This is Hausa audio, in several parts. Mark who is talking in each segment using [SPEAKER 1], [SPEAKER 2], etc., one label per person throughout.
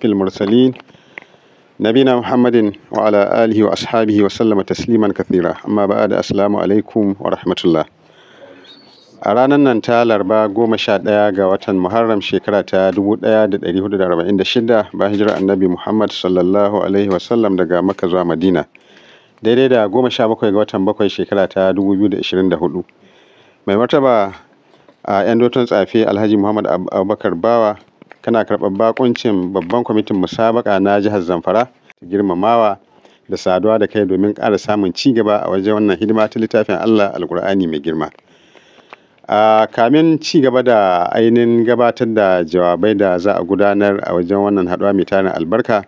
[SPEAKER 1] أشرف المرسلين نبينا محمد وعلى آله وأصحابه وسلم تسليما كثيرا أما بعد السلام عليكم ورحمة الله a ranar nan ta larba goma sha ɗaya ga watan muharram shekara ta dubu ɗaya da ɗari hudu da arba'in da shida bayan hijirar annabi muhammad sallallahu alaihi wasallam daga makka zuwa madina daidai da goma sha bakwai ga watan bakwai shekara ta dubu biyu da ashirin da hudu mai martaba a yan doton tsafi alhaji muhammad abubakar bawa kana karɓar baƙuncin babban kwamitin musabaka na jihar Zamfara ta girmamawa da saduwa da kai domin ƙara samun ci gaba a wajen wannan hidima ta littafin Allah Alƙur'ani mai girma. A kamin ci gaba da ainihin gabatar da jawabai da za a gudanar a wajen wannan haɗuwa mai tarin albarka,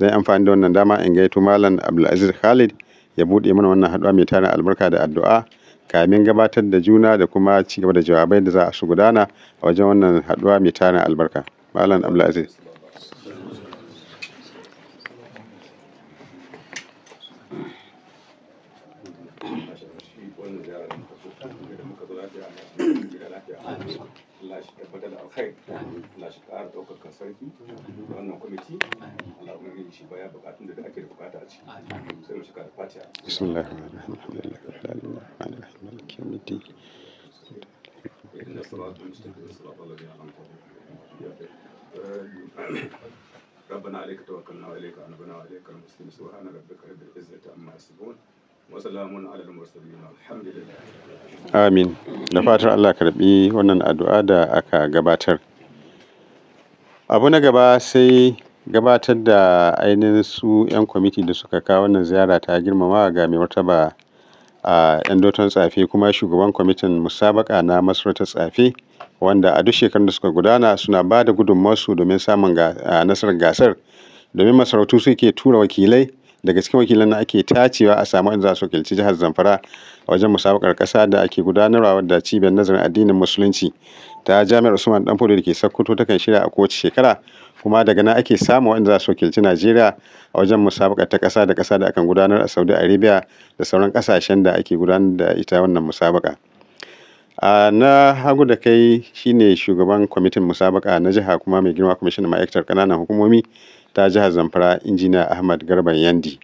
[SPEAKER 1] zan yi amfani da wannan dama in gaito Malam Abdulaziz Khalid ya buɗe mana wannan haɗuwa mai tarin albarka da addu'a kamin gabatar da juna da kuma ci gaba da jawabai da za su gudana a wajen wannan haɗuwa mai tarin albarka. اهلا ام لا عزيز بسم الله الرحمن الرحيم الحمد لله رب العالمين الرحمن الرحيم الدين
[SPEAKER 2] ربنا عليك توكلنا وإليك أنبنا وإليك المسلمين سبحان ربك رب العزة عما يصفون
[SPEAKER 1] Amin. Da fatar Allah karbi wannan addu'a da aka gabatar. Abu na gaba sai gabatar da ainihin su 'yan kwamiti da suka kawo wannan ziyara ta girmamawa ga mai martaba a 'yan doton tsafe kuma shugaban kwamitin musabaka na masarautar tsafe wanda a duk shekarun da suka gudana suna ba da gudunmawarsu domin samun nasarar gasar domin masarautu suke tura wakilai daga cikin wakilan na ake tacewa a samu inda za su wakilci jihar zamfara a wajen musabakar kasa da ake gudanarwa wadda cibiyar nazarin addinin musulunci ta jami'ar usman dan da ke ta kan shirya a kowace shekara kuma daga nan ake samu wanda za su wakilci najeriya a wajen musabakar ta kasa da kasa da akan gudanar a saudi arabia da sauran kasashen da ake gudanar da ita wannan musabaka A na hagu da kai shi ne shugaban kwamitin musabaka na jiha kuma mai girma kwamishin ma'aikatar kananan hukumomi ta jihar Zamfara Injiniya Ahmad Garba Yandi.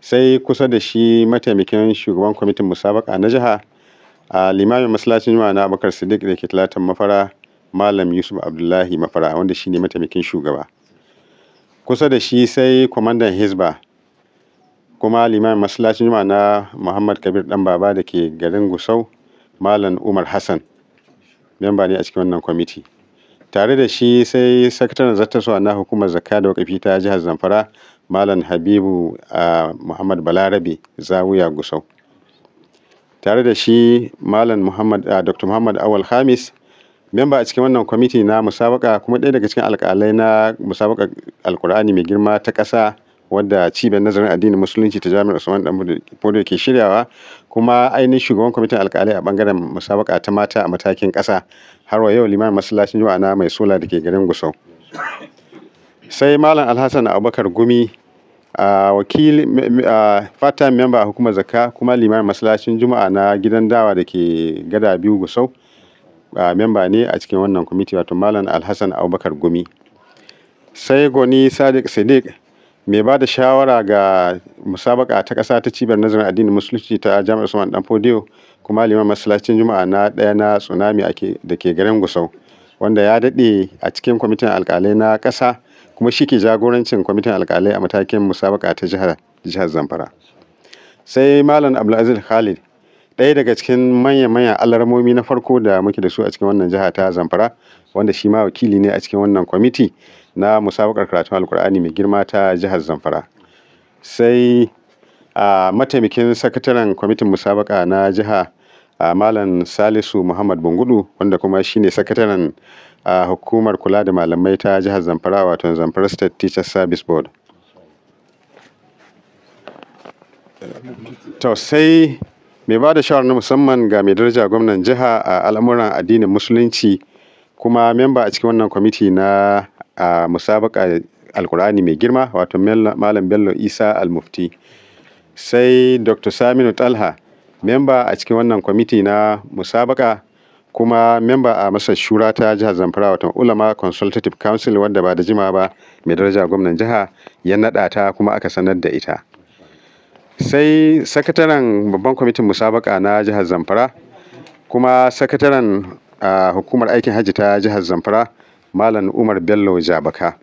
[SPEAKER 1] Sai kusa da shi mataimakin shugaban kwamitin musabaka na jiha a limamin masallacin juma'a na Abubakar Siddiq da ke talatan mafara Malam Yusuf Abdullahi Mafara wanda shine mataimakin shugaba. Kusa da shi sai kwamandan hisba kuma limamin masallacin juma'a na Muhammad Kabir Dan Baba da ke garin Gusau Malam Umar Hassan memba ne a cikin wannan kwamiti. Tare da shi sai sakataren a na hukumar zakka da wakafi ta jihar Zamfara Malam Habibu a Muhammad Balarabe Zawiya Gusau. Tare da shi Malam Muhammad Dr. Muhammad Awal Hamis memba a cikin wannan kwamiti na musabaka kuma ɗaya daga cikin alƙalai na musabakar alkur'ani mai girma ta ƙasa wadda cibiyar nazarin addinin musulunci ta jami'ar usman dan bodo ke shiryawa kuma ainihin shugaban kwamitin alkalai a bangaren musabaka ta mata a matakin kasa har wa yau limamin masallacin juma'a na mai sola da ke garin gusau sai malam alhassan abubakar gumi a wakil fata memba a hukumar zakka kuma limamin masallacin juma'a na gidan dawa da ke gada biyu gusau memba ne a cikin wannan kwamiti wato malam alhassan abubakar gumi sai goni sadiq sadiq Mai ba da shawara ga musabaka ta kasa ta Cibiyar Nazarin Addinin Musulunci ta Jami'ar Usman Dan fodiyo kuma liman masallacin Juma'a na ɗaya na Tsunami da ke garin Gusau, wanda ya daɗe a cikin kwamitin alƙalai na kasa kuma shi ke jagorancin kwamitin alƙalai a matakin musabaka ta jihar Zamfara. Sai Malam Abdulaziz Khalid, ɗaya daga cikin manya-manyan alarmomi na farko da muke da su a cikin wannan jiha ta Zamfara, wanda shi ma wakili ne a cikin wannan kwamiti. na musabakar karatun alkur'ani mai girma ta jihar zamfara sai a mataimakin sakataren kwamitin musabaka na jiha a malam salisu muhammad bungudu wanda kuma shine sakataren a hukumar kula da malamai ta jihar zamfara wato zamfara state teachers service board to sai mai ba da shawar na musamman ga mai daraja gwamnan jiha a al'amuran addinin musulunci kuma memba a cikin wannan kwamiti na a musabaka Alkur'ani mai girma wato Malam Bello Isa Almufti. Sai Dr. Saminu Talha memba a cikin wannan kwamiti na musabaƙa kuma memba a masar shura ta jihar zamfara wato ulama consultative council wadda ba da jima ba mai daraja gwamnan jiha ya naɗa ta kuma aka sanar da ita sai sakataren babban kwamitin musabaka na jihar zamfara kuma sakataren uh, hukumar aikin hajji ta jihar zamfara Malam Umar Bello Jabaka.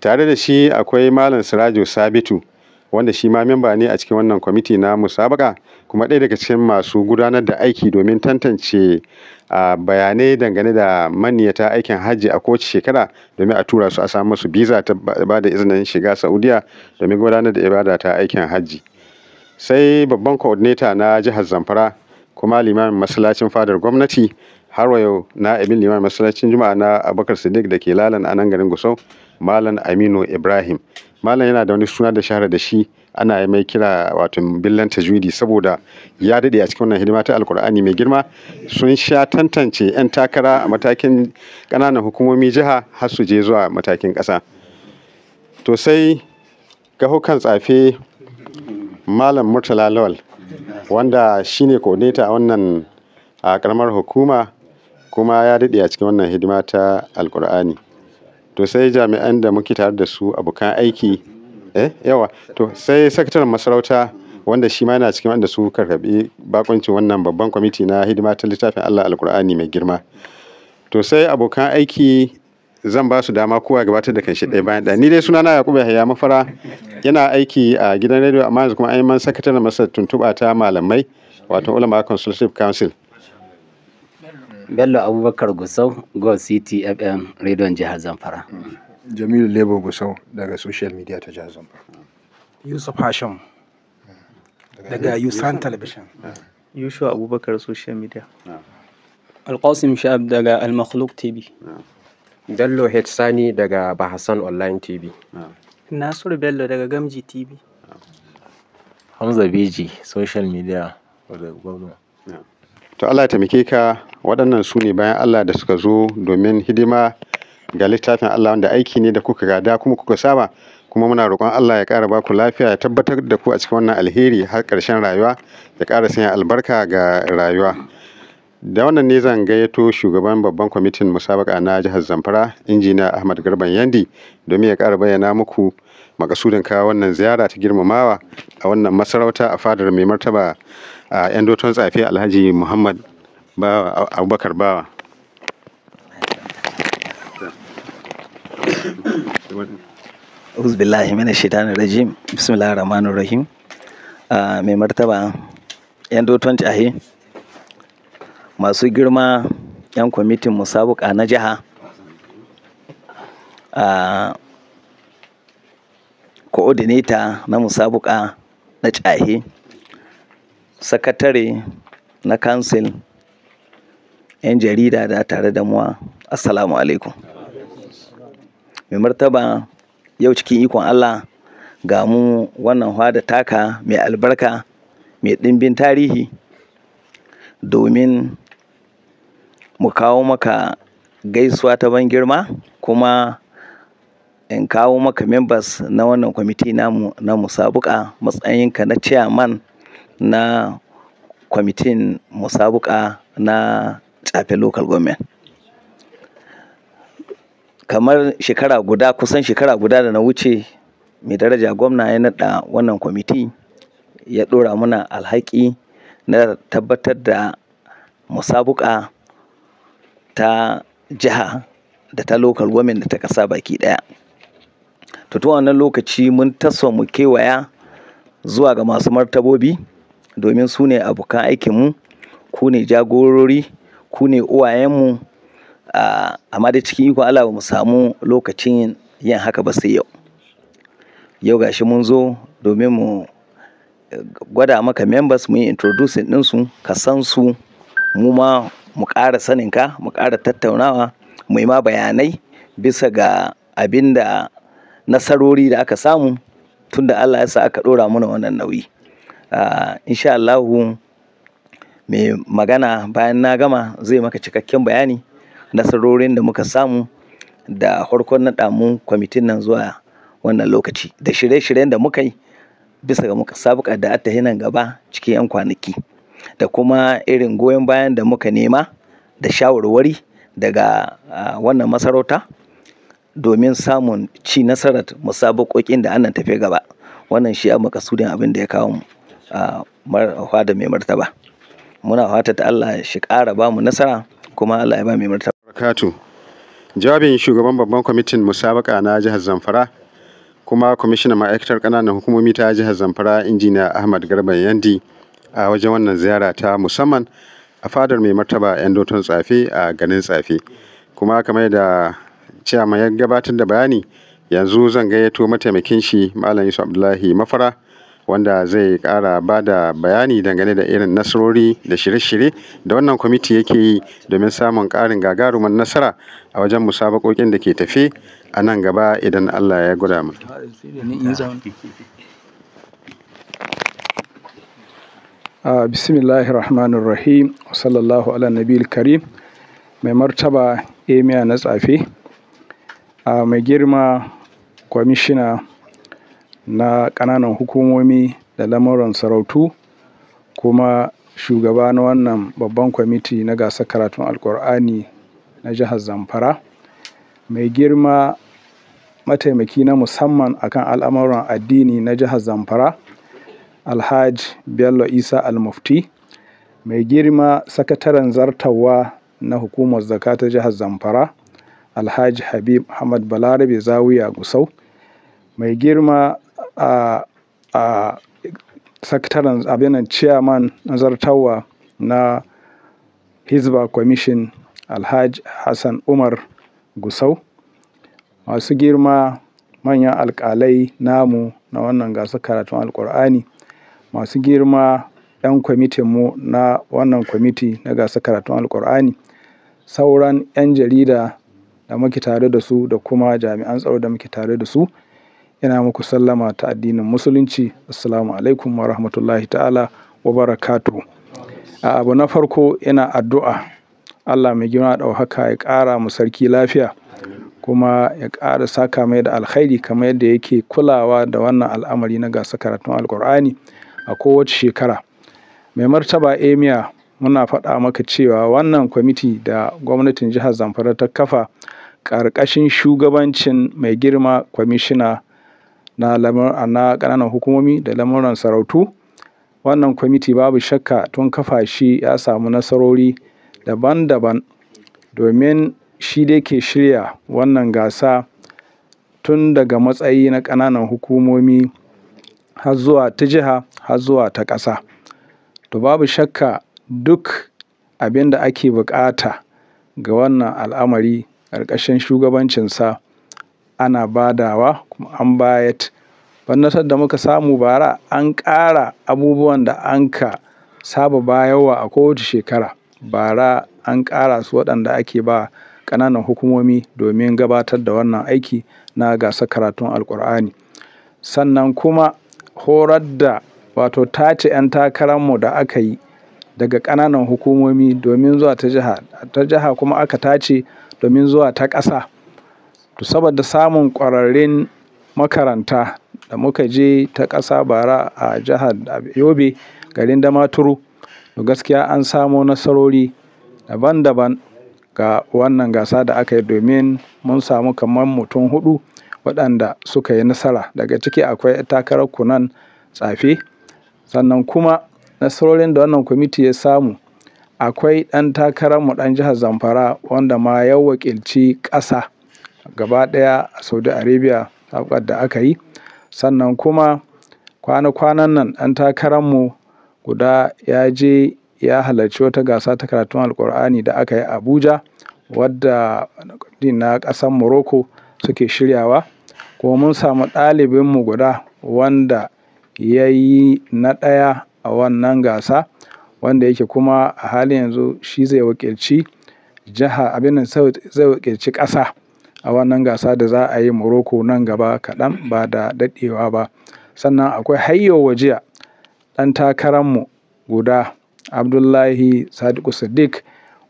[SPEAKER 1] Tare da shi akwai Malam Sirajo Sabitu wanda shi ma memba ne a cikin wannan kwamiti na musabaka kuma ɗaya daga cikin masu gudanar da aiki domin tantance bayanai dangane da maniyata aikin hajji a kowace shekara domin a tura su a samu su biza ta ba da izinin shiga saudiya domin gudanar da ibada ta aikin hajji sai babban coordinator na jihar zamfara kuma limamin masallacin fadar gwamnati har wa yau na abin limamin masallacin juma'a na abubakar Sadiq da ke lalan a nan garin gusau malam aminu ibrahim malam yana da wani suna da shahara da shi ana mai kira wato billan tajwidi saboda ya dade a cikin wannan hidima ta alkur'ani mai girma sun sha tantance yan takara a matakin ƙananan hukumomi jiha har su je zuwa matakin ƙasa to sai gahukan tsafe malam murtala lawal wanda shine ne a wannan a karamar hukuma kuma ya daɗe a cikin wannan hidima ta alƙur'ani To sai jami'an da muke tare da su abokan aiki, eh yawa, to sai sakataren masarauta wanda shi ma yana cikin wanda su karɓi bakoncin wannan babban kwamiti na hidima ta littafin Allah al-kur'ani mai girma. To sai abokan aiki zan ba su dama kowa gabatar da kanshi ɗaya bayan ɗaya. Ni dai sunana Yakubu Yahaya Mafara yana aiki a gidan rediyo amma yanzu kuma an yi sakataren masar tuntuɓa ta malamai wato Ulama Consultative Council.
[SPEAKER 3] Bello Abubakar Gusau, Go City FM, Radon Jihar Zamfara. Jamilu Lebo Gusau daga Social Media ta Jihar Zamfara.
[SPEAKER 4] Yusuf Hashim
[SPEAKER 2] daga Yusan Television. Ah. Yusuf
[SPEAKER 1] Abubakar Social Media. Ah. Alƙasim Shab daga Al-Makhluk TV. Ah. Bello Hetsani daga Bahasan Online TV.
[SPEAKER 3] Nasiru Bello daga Gamji TV.
[SPEAKER 1] Hamza
[SPEAKER 5] Biji, Social Media.
[SPEAKER 1] to Allah ya taimake ka waɗannan su ne bayan Allah da suka zo domin hidima ga littafin Allah wanda aiki ne da kuka gada kuma kuka saba kuma muna roƙon Allah ya ƙara baku lafiya ya tabbatar da ku a cikin wannan alheri har ƙarshen rayuwa ya ƙara sanya albarka ga rayuwa da wannan ne zan gayyato shugaban babban kwamitin musabaka na jihar Zamfara injiniya Ahmad Garban Yandi domin ya ƙara bayyana muku makasudin kawo wannan ziyara ta girmamawa a wannan masarauta a fadar mai martaba a yan doton tsafe alhaji muhammad abubakar
[SPEAKER 3] bawa uzbillahi mana shaitanin rajim bismillah بسم rahim الرحمن mai martaba 'yan doton jahe masu girma 'yan kwamitin musabuka na jiha a coordinator na musabuka na jahe sakatare na kansil yan jarida da tare da muwa assalamu alaikum mai martaba yau cikin ikon allah ga mu wannan da taka mai albarka mai ɗimbin tarihi domin mu kawo maka gaisuwa ta ban girma kuma in kawo maka members na wannan kwamiti namu na musabuka matsayinka na chairman na kwamitin musabuƙa na Tsafe Local Government. Kamar shekara guda kusan shekara guda da na wuce mai daraja gwamna ya naɗa wannan kwamiti ya ɗora muna alhaki na tabbatar da musabuƙa ta jiha da ta local government da ta ƙasa baki ɗaya. To tun wannan lokaci mun taso mu kewaya zuwa ga masu martabobi domin su ne abokan aikinmu, ku ne jagorori, ku ne uwayenmu. amma dai cikin ikon Allah mu samu lokacin yin haka ba sai yau. Yau gashi mun zo domin mu gwada maka members yi introducing ɗinsu, ka san su, mu ma mu ƙara sanin ka, mu ƙara tattaunawa, mu yi ma bayanai bisa ga abin da nasarori da aka samu tunda Allah ya sa aka ɗora mana wannan nauyi. Ah, insha Allahu mai magana bayan na gama zai maka cikakken bayani nasarorin da muka samu da farkon naɗa mu kwamitin nan zuwa wannan lokaci da shirye-shiryen da muka yi bisa ga muka sabuka da ta nan gaba cikin 'yan kwanaki da kuma irin goyon bayan da muka nema da shawarwari daga ah, wannan masarauta domin samun ci nasarar musabaƙoƙin da ana tafe gaba wannan shi maka makasudin abin da ya kawo mu fada mai martaba muna fata Allah shi ƙara ba mu nasara kuma Allah ya ba mai martaba barakatu jawabin shugaban babban kwamitin musabaka na jihar
[SPEAKER 1] Zamfara kuma kwamishinan ma'aikatar ƙananan hukumomi ta jihar Zamfara injiniya Ahmad Garba Yandi a wajen wannan ziyara ta musamman a fadar mai martaba 'yan doton tsafe a garin tsafe kuma kamar da cewa ya gabatar da bayani yanzu zan gayyato mataimakin shi malam yusuf abdullahi mafara wanda zai kara ba da bayani dangane da irin nasarori da shirye-shirye da wannan kwamiti yake yi domin samun ƙarin gagarumar nasara a wajen musabaƙoƙin da ke tafe a nan gaba idan
[SPEAKER 4] Allah ya gwada mu. Bismillahir Rahmanir Rahim, sallallahu ala nabil karim, mai martaba Emiya na tsafe, mai girma kwamishina na ƙananan hukumomi da lamuran sarautu kuma shugaba na wannan babban kwamiti na gasar karatun Alkur'ani na jihar Zamfara. Mai girma mataimaki na musamman a kan al'amuran addini na jihar Zamfara, Alhaji Bello Isa Almufti. Mai girma sakataren zartawa na hukumar zaka ta jihar Zamfara, Alhaji Habib Ahmad Balarabe Zawiya Gusau. Mai girma a, a sakataren abinan chairman na zartawa na Hizba Commission Alhaji Hassan Umar Gusau, masu girma manyan alkalai namu na wannan gasar karatun Alƙur'ani, masu girma 'yan kwamitinmu na wannan kwamiti na gasar karatun Alƙur'ani, sauran 'yan jarida da muke tare da su da kuma jami'an tsaro da muke tare da su. Ina muku sallama ta addinin Musulunci. Assalamu alaikum wa rahmatullahi ta'ala wa barakatu. A abu na farko ina addu'a. Allah mai gina da haka ya ƙara mu sarki lafiya kuma ya ƙara saka mai da alkhairi kamar yadda yake kulawa da wannan al'amari na gasa karatun Alkur'ani a kowace shekara. Mai martaba Emiya muna faɗa maka cewa wannan kwamiti da gwamnatin jihar Zamfara ta kafa ƙarƙashin shugabancin mai girma kwamishina na ƙananan hukumomi da lamuran sarautu. Wannan kwamiti babu shakka tun kafa shi ya samu nasarori daban daban domin shi dai ke shirya wannan gasa tun daga matsayi na ƙananan hukumomi har zuwa ta jiha har zuwa ta ƙasa. To babu shakka duk abin da ake bukata ga wannan al'amari ƙarƙashin shugabancinsa ana badawa kuma an bayar. Bannasar da muka samu bara an ƙara abubuwan da an ka saba bayarwa a kowace shekara. Bara an ƙara su waɗanda ake ba ƙananan hukumomi domin gabatar da wannan aiki na gasa karatun alƙur'ani Sannan kuma horar da wato tace 'yan takararmu da aka yi daga ƙananan hukumomi domin zuwa ta jiha, ta jiha kuma aka tace domin zuwa ta ƙasa. To saboda samun ƙwararrun makaranta da muka je ta ƙasa bara a jihar Yobe garin Damaturu, to gaskiya an samo nasarori daban daban ga wannan gasa da aka yi domin mun samu kamar mutum hudu waɗanda suka yi nasara. Daga ciki akwai takarar Kunan Tsafe. Sannan kuma nasarorin da wannan kwamiti ya samu akwai ɗan takararmu ɗan jihar Zamfara wanda ma ya wakilci ƙasa. gaba ɗaya a Saudi Arabia saukar da aka yi. Sannan kuma kwana kwanan nan ɗan takararmu guda ya je ya halarci wata gasa ta karatun Alkur'ani da aka yi a Abuja wadda na ƙasar Morocco suke shiryawa. Kuma mun samu ɗalibinmu guda wanda ya yi na ɗaya a wannan gasa wanda yake kuma a halin yanzu shi zai wakilci jiha abin zai wakilci ƙasa. a wannan gasa da za a yi Morocco nan gaba kaɗan ba da daɗewa ba. Sannan akwai hayo Wajiya, ɗan takararmu guda Abdullahi Sadiku Siddiq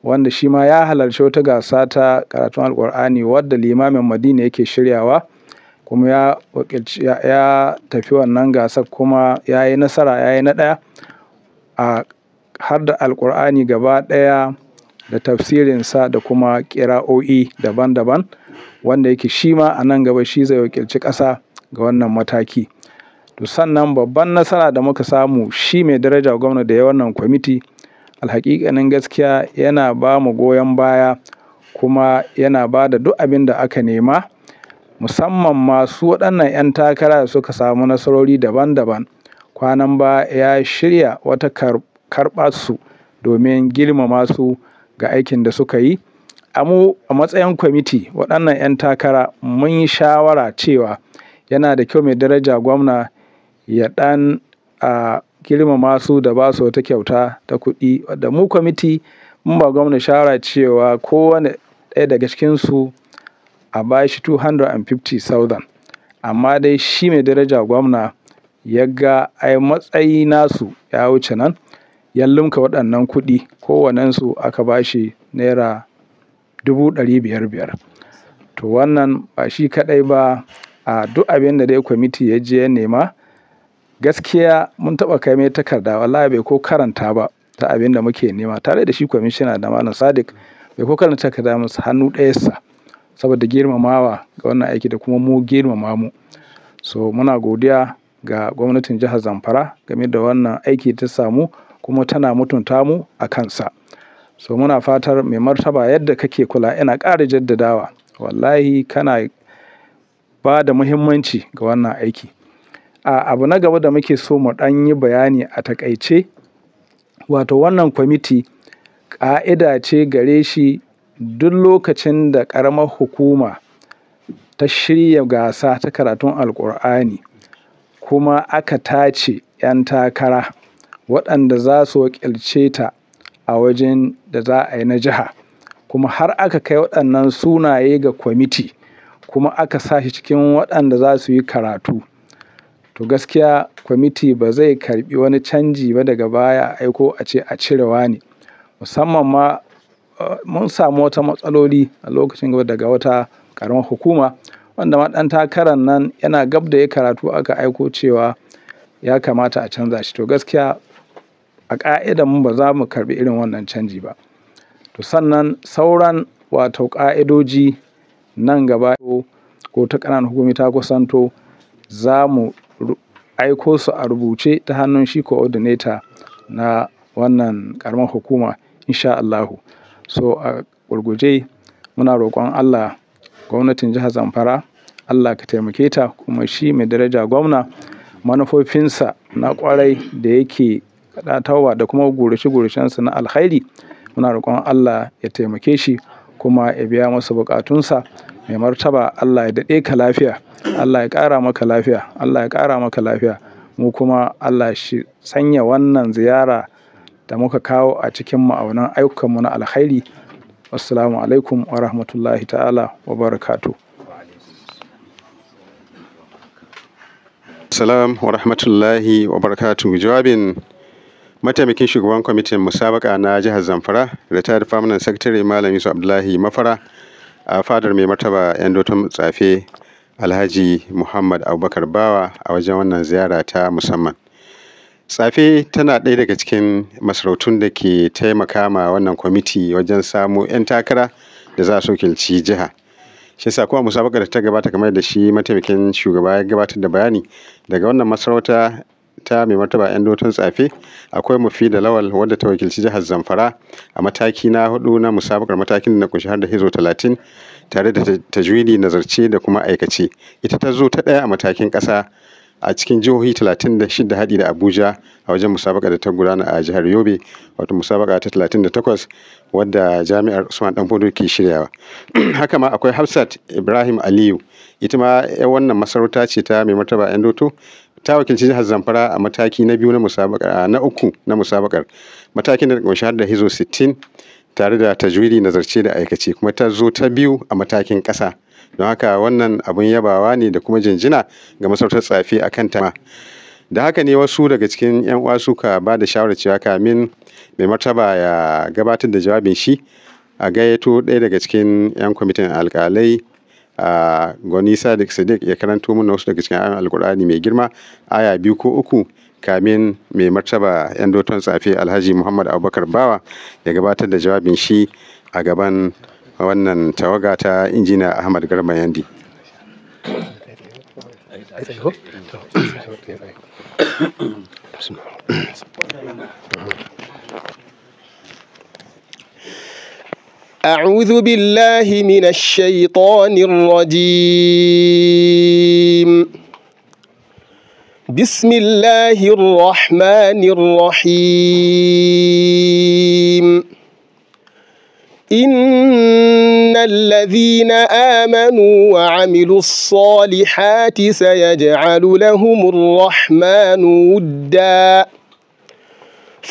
[SPEAKER 4] wanda shi ma ya halarci wata gasa ta karatun Alkur'ani wadda limamin Madina yake shiryawa kuma ya wakilci ya tafi wannan gasar kuma ya yi nasara, ya yi na ɗaya a har da Alkur'ani gaba ɗaya da tafsirinsa da kuma ƙira'o'i daban daban. wanda yake shi ma a nan gaba shi zai wakilci ƙasa ga wannan mataki. To sannan babban nasara da muka samu shi mai daraja gwamna da ya wannan kwamiti, alhaƙiƙanin gaskiya yana ba mu goyon baya kuma yana ba da duk abin da aka nema, musamman masu waɗannan 'yan takara da suka samu nasarori daban daban. Kwanan ba ya shirya wata karɓar su domin girmama su ga aikin da suka yi A a matsayin kwamiti waɗannan 'yan takara mun yi shawara cewa yana da kyau mai daraja gwamna ya ɗan a girmama su da ba su wata kyauta ta kuɗi. Wadda mu kwamiti mun ba gwamna shawara cewa kowane ɗaya daga cikinsu a ba shi 250,000, Amma dai shi mai daraja gwamna ya ga ai matsayi nasu ya wuce nan, ya lumka waɗannan kuɗi. Kowannensu aka ba shi naira dubu ɗari biyar biyar. To wannan ba shi kaɗai ba, a duk abin da dai kwamiti ya je ya nema gaskiya mun taɓa kai mai takarda wallahi bai ko karanta ba ta abin da muke nema tare da shi kwamishina da malam Sadiq bai ko karanta takarda mu hannu sa saboda girmamawa ga wannan aiki da kuma mu girmama mu. So muna godiya ga gwamnatin jihar Zamfara game da wannan aiki ta samu kuma tana mutunta mu a kansa. so muna fatar mai martaba yadda kake kula ina ƙara jaddadawa wallahi kana ba da muhimmanci ga wannan aiki a abu na gaba da muke so mu ɗan yi bayani a takaice wato wannan kwamiti ƙa'ida ce gare shi duk lokacin da ƙaramar hukuma ta shirya gasa ta karatun alƙur'ani kuma aka tace 'yan takara waɗanda za su wakilce ta a wajen da za a yi na jiha. Kuma har aka kai waɗannan sunaye ga kwamiti kuma aka sa shi cikin waɗanda za su yi karatu. To gaskiya kwamiti ba zai karbi wani canji ba daga baya aiko a ce a cire ne Musamman ma uh, mun samu wata matsaloli a lokacin gaba daga wata karamar hukuma wanda ma ɗan takarar nan yana gab da ya karatu aka aiko cewa ya kamata a canza shi. To gaskiya. a ƙa'idan mu ba za mu karɓi irin wannan canji ba. To sannan sauran wato ƙa'idoji nan gaba ko ta ƙananan hukumi ta kusanto za mu aiko su a rubuce ta hannun shi coordinator na wannan ƙaramar hukuma inshaAllahu. Allahu. So a gurguje muna roƙon Allah gwamnatin jihar Zamfara Allah ka taimake ta kuma shi mai daraja gwamna manufofinsa na ƙwarai da yake tawa da kuma gurushe guracensa na alkhairi muna roƙon Allah ya taimake shi kuma ya biya masa buƙatunsa mai martaba Allah ya daɗe ka lafiya Allah ya ƙara maka lafiya Allah ya ƙara maka lafiya mu kuma Allah shi sanya wannan ziyara da muka kawo a cikin ma'aunan ayyukanmu na alkhairi assalamu alaikum wa rahmatullahi ta'ala wa barakatu
[SPEAKER 1] salam wa rahmatullahi wa barakatu jawabin mataimakin shugaban kwamitin musabaka na jihar zamfara retired permanent secretary malam yusuf abdullahi mafara a fadar mai martaba yan doton tsafe alhaji muhammad abubakar bawa a wajen wannan ziyara ta musamman tsafe tana ɗaya daga cikin masarautun da ke taimaka ma wannan kwamiti wajen samo 'yan takara da za su wakilci jiha shi sa kuma musabakar da ta gabata kamar da shi mataimakin shugaba ya gabatar da bayani daga wannan masarauta ta mai martaba yan dotun tsafe akwai da lawal wadda ta wakilci jihar zamfara a mataki na hudu na musabakar matakin da na kunshi har da hizo talatin tare da tajwidi nazarce da kuma aikace ita ta zo ta ɗaya a matakin ƙasa a cikin jihohi 36 haɗi da abuja a wajen musabaka da ta gudana a jihar yobe wato musabaka ta 38 wadda jami'ar usman fodo ke shiryawa haka ma akwai hafsat ibrahim aliyu ita ma eh, wannan masarauta ce ta mai martaba yan doto ta wakilci jihar Zamfara a mataki na biyu na musabakar na uku na musabakar matakin da kunshi da hizo 60 tare da tajwidi nazarce da aikace kuma ta zo ta biyu a matakin ƙasa don haka wannan abun yabawa ne da kuma jinjina ga masarautar tsafi a kan ta da haka ne wasu daga cikin yan uwa suka ba da shawarar cewa kamin mai martaba ya gabatar da jawabin shi a gayyato ɗaya daga cikin yan kwamitin alƙalai a gwani Sadiq Sadiq ya karanto mana wasu daga cikin ayoyin Alkur'ani mai girma aya biyu ko uku kamin mai martaba yan doton tsafe Alhaji Muhammad Abubakar Bawa ya gabatar da jawabin shi a gaban wannan tawaga ta injina Ahmad Garba Yandi.
[SPEAKER 5] أعوذ بالله من الشيطان الرجيم بسم الله الرحمن الرحيم إن الذين آمنوا وعملوا الصالحات سيجعل لهم الرحمن وداً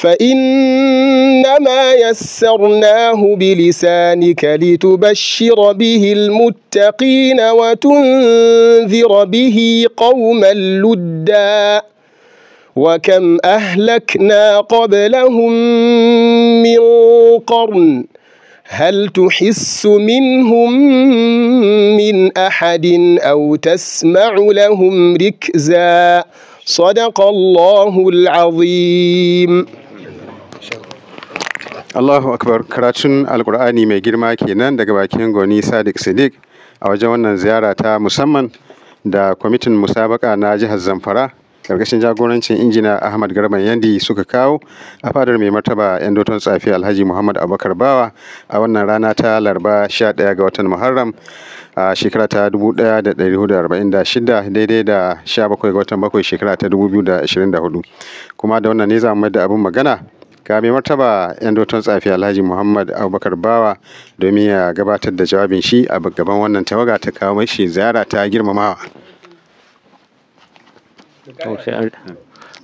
[SPEAKER 5] فإنما يسرناه بلسانك لتبشر به المتقين وتنذر به قوما لدا وكم أهلكنا قبلهم من قرن هل تحس منهم من أحد أو تسمع لهم ركزا صدق الله العظيم
[SPEAKER 1] Allahu akbar karatun alkur'ani mai girma kenan daga bakin goni sadiq sadiq a wajen wannan ziyara ta musamman da kwamitin musabaka na jihar zamfara karkashin jagorancin injina ahmad garban yandi suka kawo a fadar mai martaba yan doton tsafi alhaji muhammad abubakar bawa a wannan rana ta laraba 11 ga watan muharram a shekara ta 1446 daidai da 17 ga watan bakwai shekara ta 2024 kuma da wannan ne za mu da abin magana ga mai martaba yan doton tsafi alhaji muhammad abubakar bawa domin ya gabatar da jawabin shi a gaban wannan tawaga ta kawo shi ziyara ta girmamawa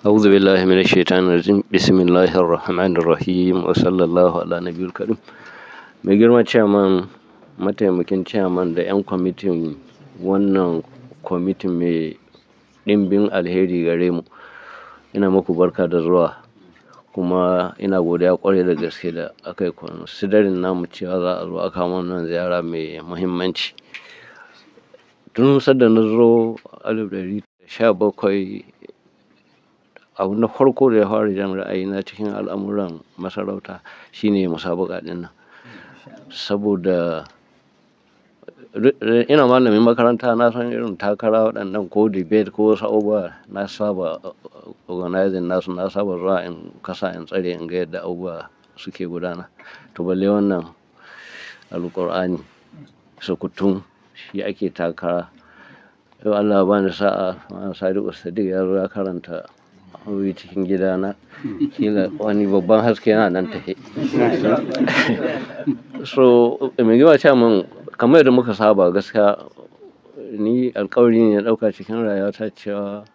[SPEAKER 6] أعوذ بالله من الشيطان الرجيم بسم الله الرحمن الرحيم وصلى الله على نبي الكريم mai girma chairman mataimakin chairman da 'yan kwamitin wannan kwamitin mai ɗimbin alheri gare mu ina muku barka da zuwa kuma ina godiya kwarai da gaske da aka yi considering namu cewa za a zo a kawo wannan ziyara mai muhimmanci tun sadda na zo bakwai abu na farko da ya fara jan ra'ayina cikin al'amuran masarauta shine musabaka ɗin nan saboda ina malamin makaranta na san irin takara waɗannan ko debate ko wasu abubuwa na saba uh, organizing nasu na saba zuwa in kasa in tsare in ga yadda abubuwa suke gudana to balle wannan alƙur'ani sukutun shi ake takara yau Allah ba ni sa'a Sadiq Sadiq ya zo ya karanta wuri cikin gidana kila wani babban haske yana nan tafe so mai gaba cewa min kamar yadda muka saba gaskiya ni alkawari ne ya ɗauka cikin rayuwata cewa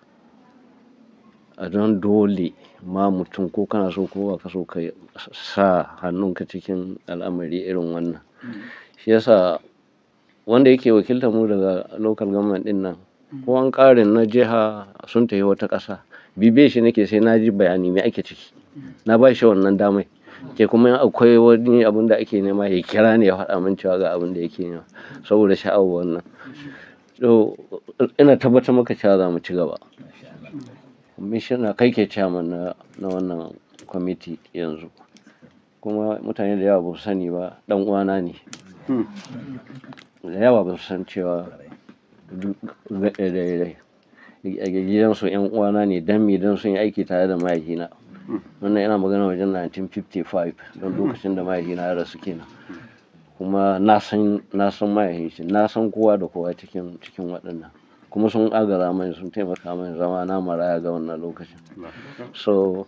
[SPEAKER 6] a don dole ma mutum ko kana so ko ba ka so ka sa hannunka cikin al'amari irin wannan mm. shi yasa wanda yake wakiltar mu daga local government din nan mm. ko an ƙarin na jiha sun tafi wata ƙasa bibe shi nake sai na ji bayani me ake ciki mm. na ba shi wannan damai ke kuma akwai wani abun da ake nema ya kira ni ya faɗa min cewa ga abun da yake nema saboda sha'awar wannan to ina tabbatar maka cewa za mu ci gaba na kai ke chairman na wannan kwamiti yanzu kuma mutane da yawa ba su sani ba dan uwana ne da yawa ba su san cewa gidansu yan uwana ne dan mi dan sun yi aiki tare da mahaifina wannan yana magana wajen 1955 don lokacin da mahaifina ya rasu kenan kuma na san mahaifinsa na san kowa da kowa cikin waɗannan kuma sun agara mai sun taimaka mai zama na maraya ga wannan lokacin so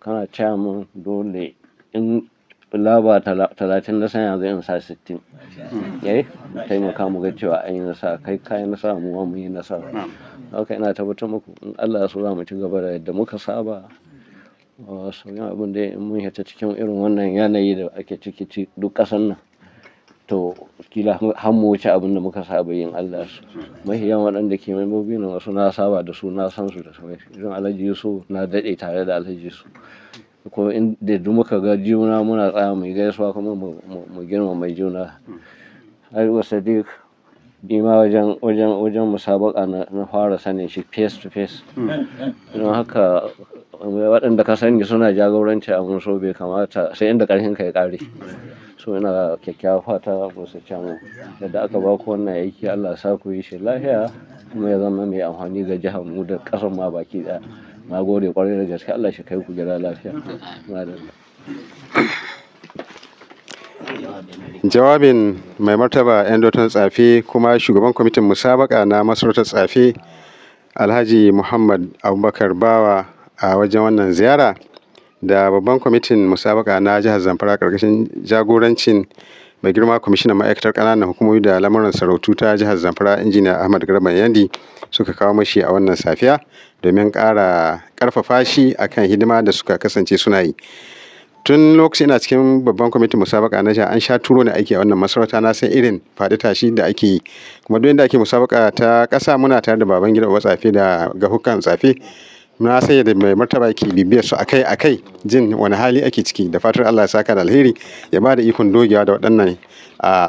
[SPEAKER 6] kana cewa min dole in laba talatin na san yanzu in sa sittin yi eh, taimaka mu ga cewa an yi nasa kai kayan nasa mu ma mu yi nasa haka ina tabbatar muku in Allah ya so za mu ci gaba da yadda muka saba sauyin abun dai in mun fita cikin irin wannan yanayi da ake ciki duk ƙasan nan to kila har mu wuce abin da muka saba yin Allah su mahiyan waɗanda ke membobi na wasu na saba da su na san su da su irin alhaji Yusuf na daɗe tare da alhaji Yusuf ko da duk muka ga juna muna tsaya mu gaisuwa kuma mu girma mai juna har wasu duk bima wajen wajen wajen musabaka na fara sanin shi face to face don haka waɗanda ka sani suna jagoranci a so bai kamata sai inda ƙarfin ka ya ƙare so ina kyakkyawa fata ku su camu yadda aka ba ku wannan aiki Allah sa ku yi shi lafiya kuma ya zama mai amfani ga jihar mu da ƙasar ma baki ɗaya na gode kwarai da gaske Allah shi kai ku gida lafiya
[SPEAKER 1] jawabin mai martaba yan doton tsafe kuma shugaban kwamitin musabaka na masarautar tsafi alhaji muhammad abubakar bawa a wajen wannan ziyara da babban kwamitin musabaka na jihar zamfara karkashin jagorancin mai girma kwamishinan ma'aikatar kananan hukumomi da lamuran sarautu ta jihar zamfara injiniya ahmad garban yandi suka kawo mashi a wannan safiya domin ƙara karfafa shi akan hidima da suka kasance suna yi tun lokacin ina cikin babban kwamitin musabaka na jiha an sha turo ne aiki a wannan masarauta na san irin faɗi tashi da ake yi kuma duk inda ake musabaka ta ƙasa muna tare da baban gida uwa tsafe da gahukan tsafe na san yadda mai martaba ke bibiyar su akai akai jin wani hali ake ciki da fatar Allah ya saka da alheri ya ba da ikon dogewa da waɗannan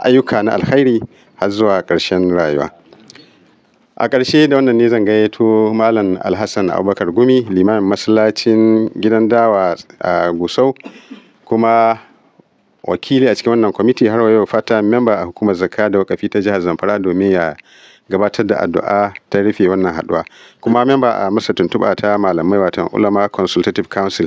[SPEAKER 1] ayyuka na alkhairi har zuwa ƙarshen rayuwa a ƙarshe da wannan ne zan gayyato malam alhassan abubakar gumi limamin masallacin gidan dawa a gusau kuma wakili a cikin wannan kwamiti har yau fata memba a hukumar zakka da wakafi ta jihar zamfara domin ya gabatar da addu'a ta rufe wannan haduwa kuma memba a masa tuntuba ta malamai watan ulama consultative council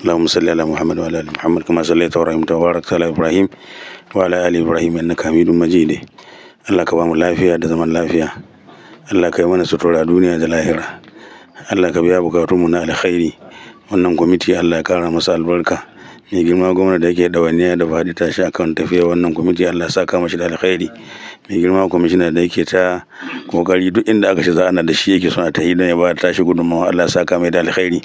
[SPEAKER 2] اللهم صل على محمد وعلى ال محمد كما صليت وبارك وباركت على ابراهيم وعلى ال ابراهيم انك حميد مجيد Allah ka bamu lafiya da zaman lafiya Allah ka yi mana sutura duniya da lahira Allah ka biya bukatunmu na alkhairi Wannan kwamiti Allah ya kara masa albarka. Mai girma gwamna da yake ɗawainiya da ta shi akan tafiya wannan kwamiti Allah ya saka mashi da alkhairi. Mai girma kwamishina da yake ta kokari duk inda aka shi za ana da shi yake suna ta tafi don ya ba ta tashi gudunmawa Allah ya saka mai da alkhairi.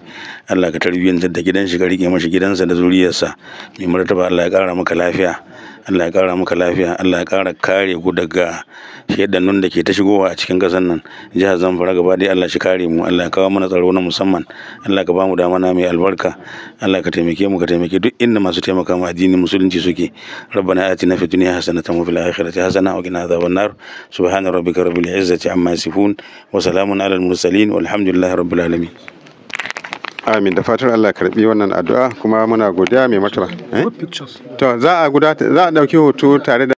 [SPEAKER 2] Allah ka tarbiyyantar da gidan shi ka rike mashi gidansa da zuriyarsa. Mai martaba Allah ya kara maka lafiya. Allah ya ƙara maka lafiya Allah ya ƙara kare ku daga shaidannun da ke ta shigowa a cikin ƙasar nan jihar Zamfara gaba ɗaya Allah shi kare mu Allah ya kawo mana tsaro na musamman Allah ka bamu dama na mai albarka Allah ka taimake mu ka taimake duk inda masu taimaka mu addini musulunci suke rabbana atina fid dunya hasanatan wa fil akhirati hasanatan wa qina adhaban nar subhana rabbika rabbil izzati amma yasifun wa salamun alal mursalin walhamdulillahi rabbil alamin
[SPEAKER 1] amin da fatan Allah karbi wannan addu'a kuma muna godiya mai martaba eh? to za a guda za a dauki hoto tare da